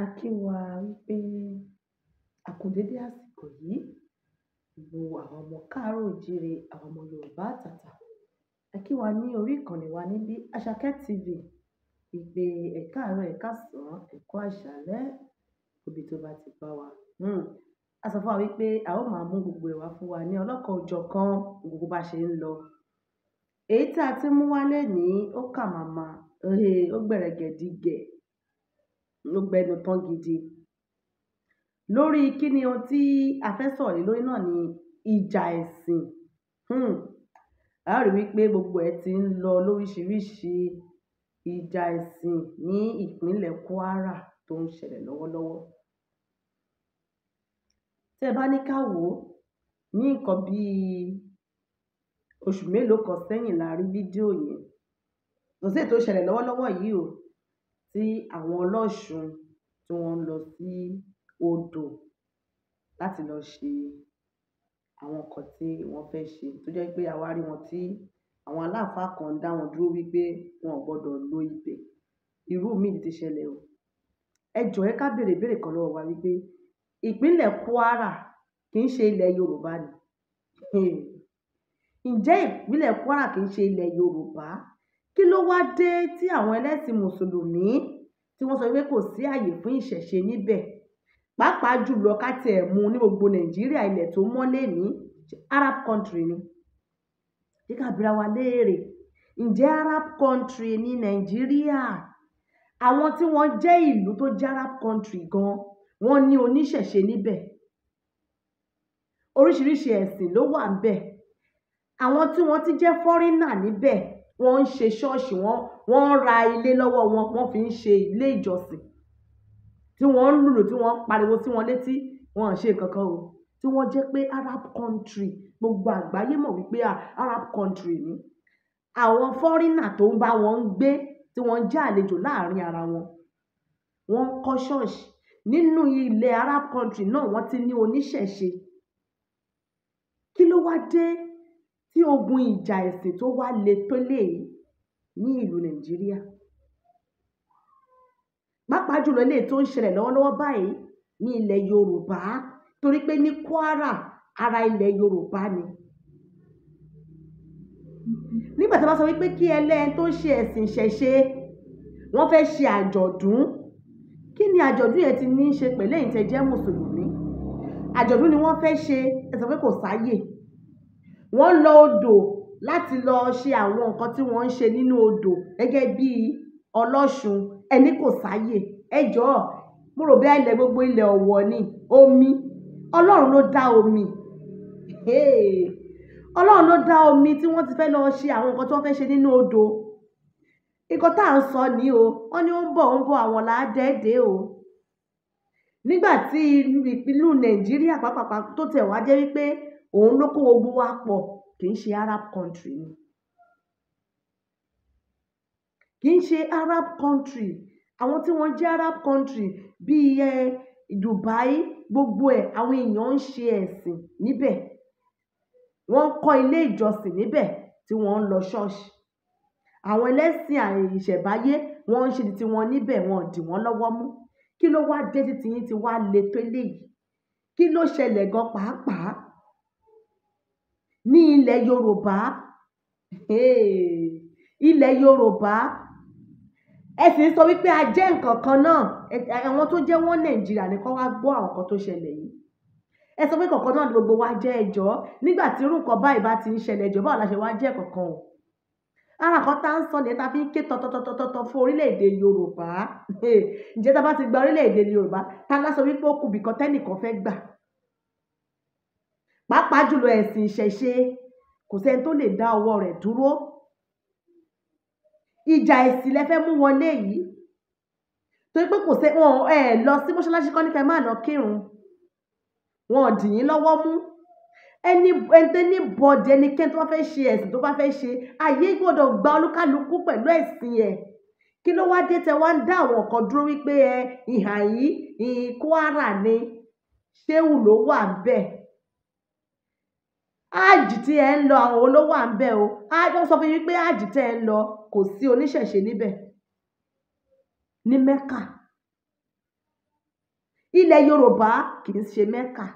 A kí wa wípé a kú dédé àsìkò yìí. Gbogbo àwọn ọmọ káàárọ̀ òjìrì, àwọn ọmọ Yorùbá àtàtà. A kí wa ní orí ìkànnì wa níbí Àṣàkẹ́ TV. Wípé ẹ káàárọ̀, ẹ káàsán, ẹ kú àṣálẹ́, ibi tó bá ti bá wa. Hmm. A sọ fún wa wípé a ó máa mú gbogbo ẹ̀wà fún wa ní ọlọ́kọ̀ ọjọ́ kan, gbogbo bá ṣe ń lọ. Èyí tí a ti mú wá lénìí ó kà màmá, ó gbẹ̀rẹ̀ gẹ̀dígẹ̀ ló gbẹnu tán gidi lórí kíni ohun tí a fẹ́ sọ̀rọ̀ lé lórí náà ni ìjà ẹ̀sìn hmm. a rí wípé gbogbo ẹ̀ ti ń lọ lóríṣiríṣi ìjà ẹ̀sìn ní ìpínlẹ̀ Kwara tó ń ṣẹlẹ̀ lọ́wọ́lọ́wọ́ tẹ́ ẹ bá ní ká wò ó ní nǹkan bíi oṣù mélòó kan sẹ́yìn la rí fídíò yẹn kò sí èyí tó ṣẹlẹ̀ lọ́wọ́lọ́wọ́ yìí o tí àwọn ọlọ́ṣun tí wọ́n ń lọ sí odò láti lọ ṣe àwọn nǹkan tí wọ́n fẹ́ ṣe. Tó jẹ́ pé àwa rí wọn tí àwọn aláàfáà kan dá wọn dúró wípé wọn ò gbọdọ̀ lo ibẹ̀. Irú mi ti ṣẹlẹ̀ o. Ẹ jọ ẹ ká bèrè ibèrè kan lọ́wọ́ wa wípé ìpínlẹ̀ Kwara kì í ṣe ilẹ̀ Yorùbá ni. Ǹjẹ́ ìpínlẹ̀ Kwara kì í ṣe ilẹ̀ Yorùbá? kí ló wá dé tí àwọn ẹlẹ́sìn mùsùlùmí tí wọ́n sọ pé kò sí àyè fún ìṣẹ̀ṣe níbẹ̀ pàápàá jùlọ ká tiẹ̀ mú ní gbogbo nàìjíríà ilẹ̀ tó mọ́lé ní arab country ni ṣé ká bira wa léèrè ǹjẹ́ arab country ní nàìjíríà àwọn tí wọ́n jẹ́ ìlú tó jẹ́ arab country gan wọ́n ní oníṣẹ̀ṣe níbẹ̀ oríṣiríṣi ẹ̀sìn ló wà níbẹ̀ àwọn tí wọ́n ti jẹ́ fọ́rínà níbẹ̀ wọ́n ń ṣe ṣọ́ọ̀ṣì wọ́n wọ́n ń ra ilé lọ́wọ́ wọn wọ́n fi ń ṣe ilé ìjọsìn tí wọ́n ń lùlù tí wọ́n ń pariwo sí wọn létí wọn ṣe kankan o tí wọ́n jẹ́ pé Arab country gbogbo àgbáyé mọ̀ wípé Arab country ni àwọn fọ́rínà tó ń bá wọn ń gbé tí wọ́n jẹ́ àlejò láàrin ara wọn wọ́n ń kọ́ ṣọ́ọ̀ṣì nínú ilẹ̀ Arab country náà wọ́n ti ní oníṣẹ̀ṣe kí ló wá dé sí ogun ìjà ẹ̀sìn tó wá le tó léyìí ní ìlú Nàìjíríà pàápàá jùlọ eléyìí tó ń ṣẹlẹ̀ lọ́wọ́lọ́wọ́ báyìí ní ilẹ̀ Yorùbá torí pé ní Kwara ara ilẹ̀ Yorùbá ni nígbà tí wọ́n bá sọ wípé kí ẹlẹ́ni tó ń ṣe ẹ̀sìn ṣẹ̀ṣe wọ́n fẹ́ ṣe àjọ̀dún kí ni àjọ̀dún yẹn ti ní í ṣe pẹ̀lú ẹ̀yin tẹ́ jẹ́ mùsùlùmí àjọ̀dún ni wọ́n fẹ́ ṣe ẹ sọ pé kò sáyè wọ́n lọ odò láti lọ ṣe àwọn nǹkan tí wọ́n ń ṣe nínú odò gẹ́gẹ́ bí ọlọ́ṣun ẹni kò sáyè ẹ jọ̀ọ́ mo rò bí ilẹ̀ gbogbo ilẹ̀ ọ̀wọ̀ ni omi ọlọ́run ló dá omi ọlọ́run ló dá omi tí wọ́n ti fẹ́ lọ ṣe àwọn nǹkan tí wọ́n fẹ́ ṣe nínú odò nǹkan tá à ń sọ ni o wọ́n ní ó ń bọ̀ ó ń bọ̀ àwọn làádẹ́ẹ̀dẹ́ o nígbà tí ìlú Nàìjíríà pàápàá tó tẹ̀ wá jẹ́ wípé òun ló kó gbogbo wa pọ̀ kì í ṣe Arab country ni kì í ṣe Arab country àwọn tí wọ́n jẹ́ Arab country bíi ẹ Dubai gbogbo ẹ̀ àwọn èèyàn ń ṣe ẹ̀sìn níbẹ̀ wọ́n ń kọ́ ilé ìjọsìn níbẹ̀ tí wọ́n ń lọ ṣọ́ọ̀ṣì àwọn ẹlẹ́sìn ìṣẹ̀báyé wọ́n ń ṣe ti tiwọn níbẹ̀ wọn dì wọ́n lọ́wọ́ mú kí ló wá dé títí yín ti wá le tó léyìí kí ló ṣẹlẹ̀ gan pàápàá ní ilẹ̀ yorùbá ilẹ̀ yorùbá ẹ sì ń sọ wípé a jẹ́ nǹkan kan náà àwọn tó jẹ́ wọ́n nàìjíríà ni kó wá gbọ́ àwọn nǹkan tó ṣẹlẹ̀ yìí ẹ sọ pé kọ̀ọ̀kan náà ni gbogbo wa jẹ́ ẹjọ́ nígbà tí irú nǹkan báyìí bá ti ń ṣẹlẹ̀ ẹjọ́ báwo la ṣe wá jẹ́ kọ̀ọ̀kan o ara kan tá ń sọ nìyẹn tá fi ń ké tọ̀tọ̀tọ̀tọ̀ fún orílẹ̀-èdè yorùbá ǹjẹ́ tá bá ti gba orílẹ̀-èdè yorùbá tá lásọ wípé ó kù bìkan tẹ́nìkan fẹ́ gbà pàápàá jùlọ ẹ̀sìn ìṣẹ̀ṣe kò sẹ́ni tó lè dá ọwọ́ rẹ̀ dúró ìjà ẹ̀sìn lẹ fẹ́ mú wọlé yìí torí pé kò sẹ́ wọn ẹ lọ sí mọ́ṣáláṣí kọ́ ní kẹ́ máa lọ kírun wọn ò dì yín lọ́wọ́ mú ẹni ẹni bọ̀dì ẹnikẹ́ni tó bá fẹ́ ṣe ẹ̀sìn tó bá fẹ́ ṣe ayé gbọ́dọ̀ gba olúkálukú pẹ̀lú ẹ̀sìn ẹ̀ kí ló wá dé tẹ wá ń dá àwọn kan dúró wípé ẹ ìhà yìí ìhìn Kwara ni ṣéwù ló wà bẹ́ẹ̀ áàjì tí ẹ ń lọ àwọn olówó à ń bẹ̀ o wọ́n sọ fún yín pé áàjì tẹ́ ẹ ń lọ kò sí oníṣẹ̀ṣe níbẹ̀ ní mẹ́kà ilẹ̀ yorùbá kì í ṣe mẹ́kà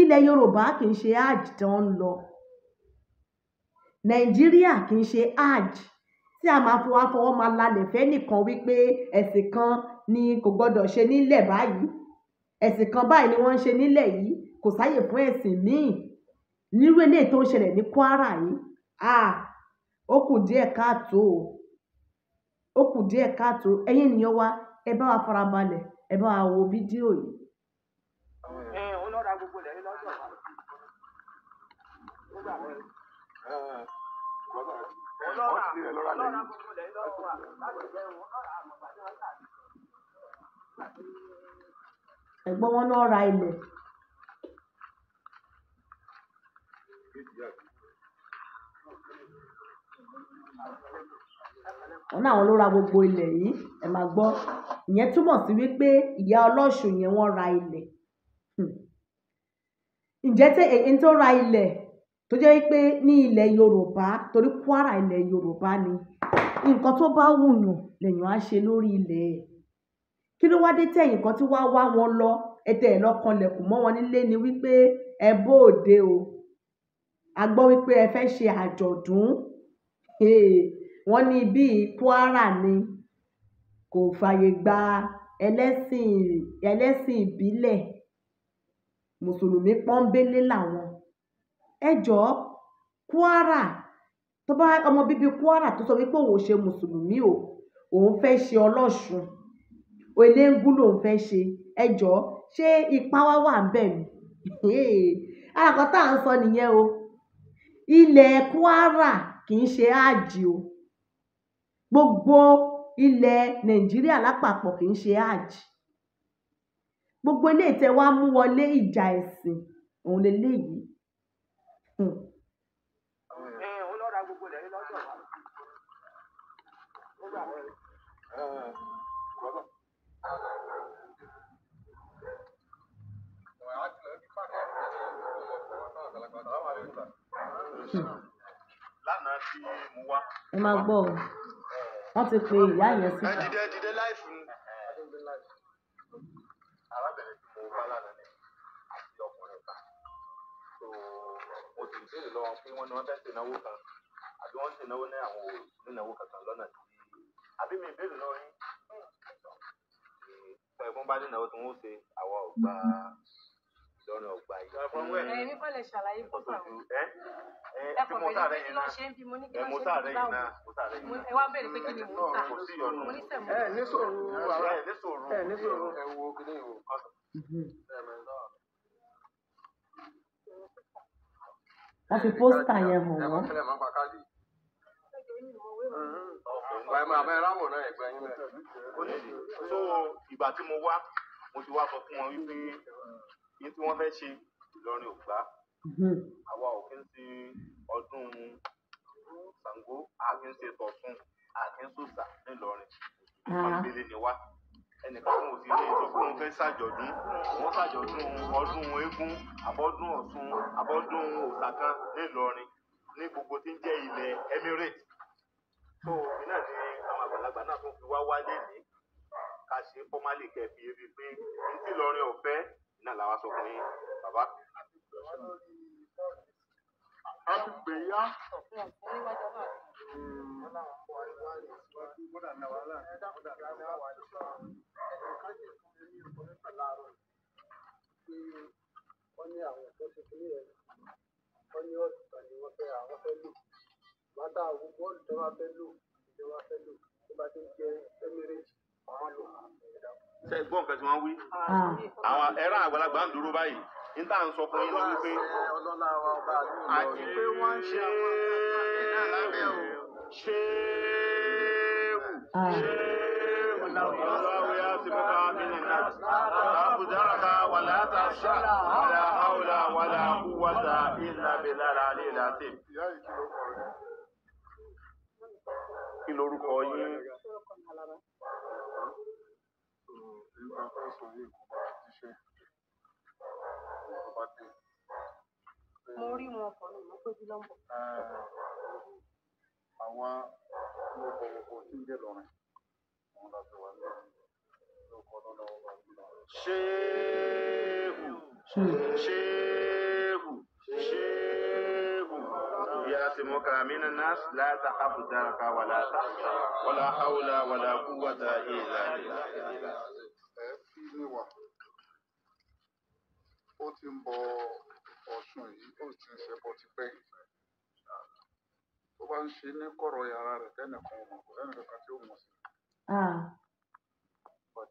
ilẹ̀ yorùbá kì í ṣe áàjì tí wọ́n ń lọ nàìjíríà kì í ṣe áàjì tí a máa fọwọ́ fọwọ́ máa lalẹ̀ fẹ́ nìkan wípé ẹ̀sìn kan ni kò gbọ́dọ̀ ṣe nílẹ̀ báyìí ẹ̀sìn kan báyìí ni wọ́n ń ṣe nílẹ̀ yìí kò sáyè fún ẹ̀sìn míì nírú eléyìí tó ń ṣẹlẹ̀ ní Kwara yìí ah ó kù díẹ̀ káàtó o ó kù díẹ̀ káàtó ènìyàn wa ẹ bá wa farabalẹ̀ ẹ bá wa wo fídíò yìí. ilẹ̀. wọ́n ní àwọn ló ra gbogbo ilẹ̀ yìí ẹ máa gbọ́ ìyẹn túmọ̀ sí wípé ìyá ọlọ́ṣù yẹn wọ́n ra ilẹ̀ hmm. ǹjẹ́ tẹ èyí tó ra ilẹ̀ tó jẹ́ wípé ní ilẹ̀ Yorùbá torí Kwara ilẹ̀ Yorùbá ni nǹkan tó bá wùyàn lèèyàn á ṣe lórí ilẹ̀ ẹ̀ kí ló wá dé tẹ̀yìn kan tí wá wá wọn lọ ẹ̀tẹ̀ ẹ̀ lọ́kànlẹ̀kùn mọ́ wọn nílé ni wípé ẹ bóde o a gbọ́ wípé ẹ fẹ́ ṣe àjọ̀dún wọ́n ní bíi Kwara ni kò fààyè gba ẹlẹ́sìn ẹlẹ́sìn ìbílẹ̀ mùsùlùmí pọ́ńbélé làwọn ẹ jọ̀ọ́ Kwara tó bá ọmọ bíbí Kwara tó sọ wípé òun ṣe mùsùlùmí o òun fẹ́ ṣe ọlọ́ṣun eléńgún lòun fẹ́ ṣe ẹ jọ̀ọ́ ṣé ipá wá wà ń bẹ̀ mí àkọ́tà ń sọ nìyẹn o ilẹ̀ Kwara kì í ṣe àjì o gbogbo ilẹ̀ Nàìjíríà lápapọ̀ kì í ṣe áàjì gbogbo ilé tẹ́ mú wọlé ìjà ẹ̀sìn òun leléyìí. Ẹ máa gbọ́ o. Wọ́n ti pe ìyá yẹn síta. àwọn onínáwó lọ́nà ọgbà yìí. ẹ̀yin kọ́ lè ṣàlàyé fún bàbá. ẹ kò bẹ̀rẹ̀ pé kí ló ṣe ń bí mo ní kí ló ṣe ń bí báwo. ẹ wá bẹ̀rẹ̀ pé kí ni mo ń tà mo ní sẹ̀mú. ẹ ní sòrò ara ẹ ní sòrò ẹ ní sòrò. ẹ wo kílé ìwò. wọ́n fi pósítà yẹn hàn wọ́n. ọ̀pọ̀ ìgbà ẹ̀mọ ẹ̀ráwọ̀ náà ẹ̀gbẹ́ yín bẹ́ẹ̀. so ìgbà tí mo wá mo ti wá sọ fún wọn wípé yìí tí wọ́n fẹ́ ṣe Ìlọrin ògbà mhm. àwa ò kí ń ṣe ọdún Ṣàngó a kì í ṣe tọ̀tún a kì í ṣòṣà ńìlọrin ah. ìpàdé ni wá ẹnìkan fún òsì ilé ìjọ fún fẹ́ ṣàjọ̀dún wọ́n ṣàjọ̀dún ọdún eégún abọ́dún ọ̀ṣun abọ́dún òṣàkan ńìlọrin ní gbogbo tí ń jẹ́ ilẹ̀ Emirates tó òbí náà ni àwọn àgbàlagbà náà tún fi wá wálé ní ká ṣe kẹfì ebi pé ní tí Ìlọrin ọ̀fẹ́ náà làwa sọ fún yín bàbá. a ti gbẹ̀yà. wọ́n ní àwọn ọ̀dọ́ tuntun yẹn wọ́n ní ọ̀dùnkàn ni wọ́n fẹ́ àwọn fẹ́ lò bàtà àwọn bọ́ọ̀lù tó wá fẹ́ lò ìjọba fẹ́ lò tó bá ti jẹ ẹmírẹ́jì àwọn lò ṣe gbọ́n nǹkan tí wọ́n wí. Ah. àwọn ẹran àgbàlagbà ń dúró báyìí ní tá à ń sọ fún yín lórí pé àti pé wọ́n ń ṣe é ṣe é wù. الله ياسمك من الناس لا قدرك ولا تخشى ولا حول ولا قوة إلا بالله العلي العظيم. kí lorúkọ yín bá sùn yìí kò ó ti ń bọ Ọ̀ṣun yìí ó ti ń ṣẹbọ tipẹ́ tó bá ń ṣe ní kọ̀rọ̀ yàrá rẹ̀ tẹ́nìkan ọmọ kò sẹ́nìkan kan tí ó mọ̀ sí. Ah. but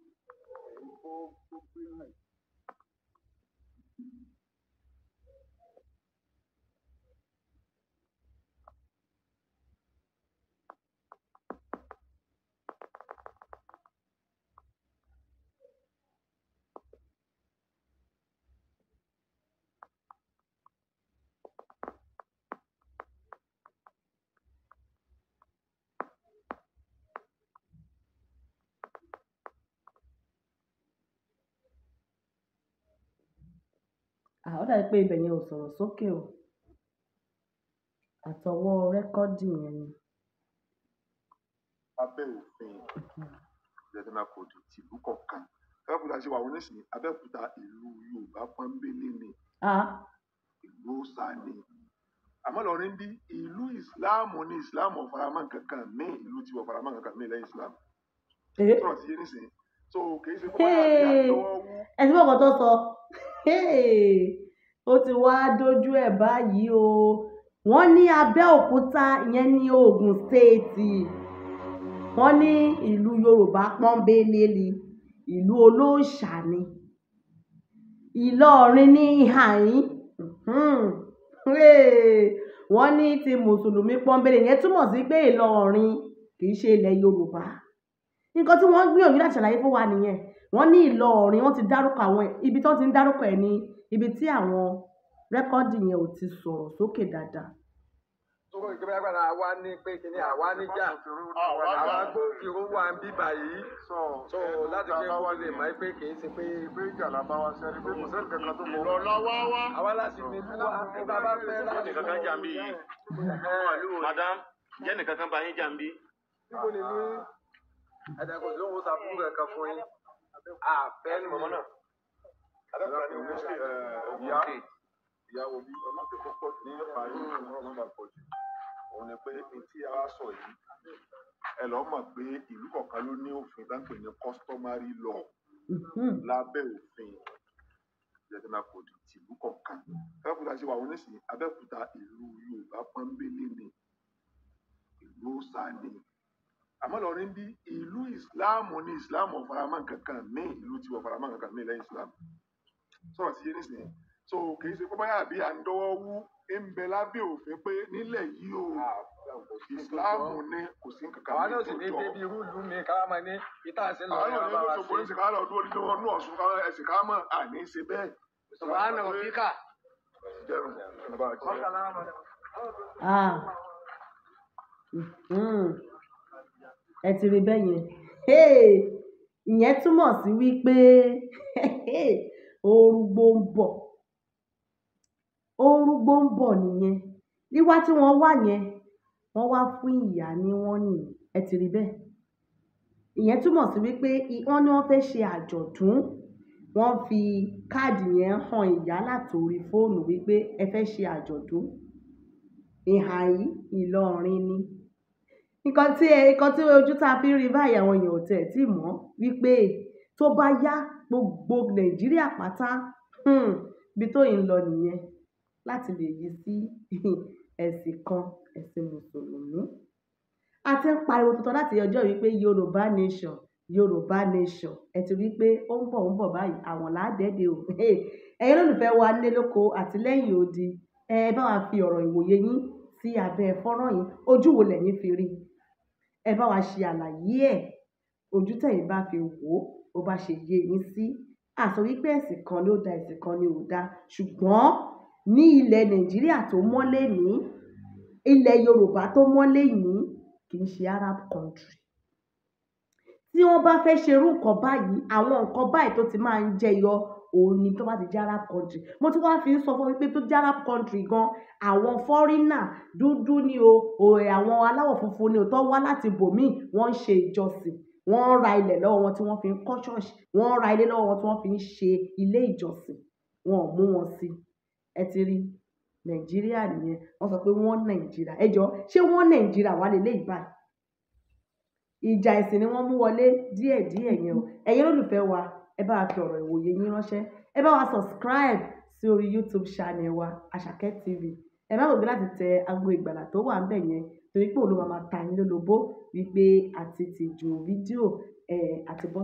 èyí tó gbé náà. ó dàbí pé ibẹ̀ yẹn ò sọ̀rọ̀ sókè o àtọwọ́ rẹ́kọ́dì yẹn ni. abẹ́ òfin ìjọba kò dùn tìlú kọ̀ọ̀kan abẹ́òkúta ṣe wà wọ́n nísìnyí abẹ́òkúta ìlú yorùbá pọ́nbélé ni ìlú ọ̀sà ni àmọ́ lọ́rin bí ìlú ìsìláàmù ni ìsìláàmù ọ̀faramọ́ kankan mí ìlú tiwọ̀ ọ̀faramọ́ kankan mí lẹ́yìn ìsìláàmù. sọ̀rọ̀ sí yéé nísìnyí so kì í ṣe fún wa àti àtọwọ́ wú. ẹ ti bọ́ ọkọ̀ tó sọ ó ti wá dójú ẹ̀ báyìí o wọ́n ní Abẹ́òkúta ìyẹn ní Ògùn stéètì wọ́n ní ìlú Yorùbá pọ́nbélé ni ìlú olóòṣà ni Ìlọrin ní ìhàyín hmm. wọ́n ní ti mùsùlùmí pọ́nbélé yẹn túmọ̀ sí pé Ìlọrin kì í ṣe ilẹ̀ Yorùbá nǹkan tí wọ́n gbìyànjú láti ṣàlàyé fún wa nìyẹn wọ́n ní Ìlọrin wọ́n ti dárúkọ àwọn ibi tí wọ́n ti ń dárúkọ ẹ̀ ní ibi tí àwọn rẹ́kọ́ọ̀dì yẹn ò ti sọ̀rọ̀ sókè dáadáa. tó ń gbé agbára ní pé kíní àwa níjà àwa gbòòrò wa ń bíbà yìí tó láti pé kó lè máa pé kì ṣe pé. pé ìjà la bá wa sẹ́ni pé kò sẹ́ni kankan tó mọ̀. lọ́la wá wá. àwa láti ní wá ẹ bá bá fẹ́ láti. jẹ́nì kankan jà yìí. madam jẹ́nì kankan bá yín jà ń bí. ń wo sàfún kankan fún yín àfẹ́ ah, ní mọ̀mọ́ náà. ìyá ìyá wo bí ọmọ tó kó pọ̀ ní ọ̀pá yìí ọmọ náà pọ̀ jù òun ni pé etí ara sọ yìí ẹ lọ́ọ́ mọ̀ pé ìlú kọ̀ọ̀kan ló ní òfin tá ń pè ní customary law lábẹ́ òfin ìjẹ́dínlá kòdì tìlú kọ̀ọ̀kan abẹ́òkúta ṣe wà wọ́n nísìnyí abẹ́òkúta ìlú yorùbá pọ́nbélé ni ìlú òòṣà ni àmọ́ lọ́rin bí ìlú ìsìláàmù ní ìsìláàmù ọ̀farama kankan mí ìlú ti ọ̀farama kankan mí lẹ́yìn ìsìláàmù sọ̀rọ̀ sí yéé sìn so kì í ṣe pọ́páyà àbí à ń dọ́wọ́ wú ń bẹ lábẹ́ òfin pé nílẹ̀ yìí o ìsìláàmù ah, ní kò sí kankan mí tó jọ. àwọn náà sì ní débi irú ìlú mi káwá máa ní ìta àṣẹ lọ ní ọba wa sí. àwọn náà ní oṣù kò ní ṣe káwá lọ dúró nínú ọdún ọ̀ṣun káwá ẹ̀sìn káwá mọ̀ àní ṣe bẹ́ẹ̀. subhana rabbika. ah. Mm. Ẹ ti rí bẹ́ẹ̀ yẹn. Hey! Ìyẹn túmọ̀ sí wípé orúgbó ń bọ̀. Orúgbó ń bọ̀ nìyẹn. Wíwá tí wọ́n wá yẹn, wọ́n wá fún ìyá ni wọ́n ní. Ẹ ti rí bẹ́ẹ̀. Ìyẹn túmọ̀ sí wípé wọ́n ní wọ́n fẹ́ ṣe àjọ̀dún. Wọ́n fi káàdì yẹn hàn ìyá látòrí fóònù wípé ẹ fẹ́ ṣe àjọ̀dún. Ìhà yìí Ìlọrin ni nǹkan tí ẹ nǹkan tí ojú tá a fi ń rí báyìí àwọn èèyàn ò tẹ̀ tí mọ̀ wípé tó bá yá gbogbo nàìjíríà pátá hmm, ibi tó yìí ń lọ nìyẹn láti lè yí sí ẹ̀sìn kan ẹ̀sìn mùsùlùmí a ti ń pariwo tuntun láti ọjọ́ wípé yorùbá nation yorùbá nation ẹ ti rí pé ó ń bọ̀ ń bọ̀ báyìí àwọn làádẹ́dẹ́ o ẹ̀yin olólùfẹ́ wa nílé lóko àtìlẹ́yìn odi ẹ bá wa fi ọ̀rọ̀ ìwòye yín sí abẹ́ fọ́nrán yìí ojú wo lẹ̀yin fi rí i ẹ bá wa ṣe àlàyé ẹ̀ ojú tẹ̀yin bá fi wò ó bó bá ṣe yé yín sí a sọ wípé ẹ̀sìn kan ló da ẹ̀sìn kan ni ò da ṣùgbọ́n ní ilẹ̀ Nàìjíríà tó mọ́lé ní ilẹ̀ Yorùbá tó mọ́lé ní kì í ṣe Arab country tí wọ́n bá fẹ́ ṣerú nǹkan báyìí àwọn nǹkan báyìí tó ti máa ń jẹyọ òun ni tó bá ti jẹ́ Arab country mo ti wá fi ń sọ fún mi pé tó jẹ́ Arab country gan àwọn foreigner dúdú ni o àwọn aláwọ̀ funfun ni o tó wá láti bòmíì wọ́n ń ṣe ìjọsìn wọ́n ń ra ilẹ̀ lọ́wọ́ wọn tí wọ́n fi ń kọ́ ṣọ́ọ̀ṣì wọ́n ń ra ilé lọ́wọ́ wọn tí wọ́n fi ń ṣe ilé ìjọsìn wọn ò mú wọn sí ẹ ti rí nàìjíríà nìyẹn wọ́n sọ pé wọ́n nàìjíríà ẹ jọ ṣé wọ́n nàìjíríà wà lè léyìí báyìí ìjà ẹ̀sìn ni wọ́n mú wọlé díẹ̀díẹ̀ yẹn o ẹ̀yin olùfẹ́ wa ẹ bá wa fi ọ̀rọ̀ ìwòye yín ránṣẹ́ ẹ bá wa subscribe sí orí YouTube channel wa Àṣàkẹ́ TV ẹ má gbàgbé láti tẹ aago ìgbàlà tó wà ńbẹ̀ yẹn torí pé òun ló máa ta yín lólobó wípé àti tìjú fídíò ẹ àti bọ́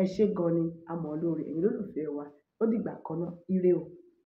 ẹ ṣé gan ni àmọ́ lóore ẹ̀yin lólùfẹ́ wa ó dìgbà kan náà ire o.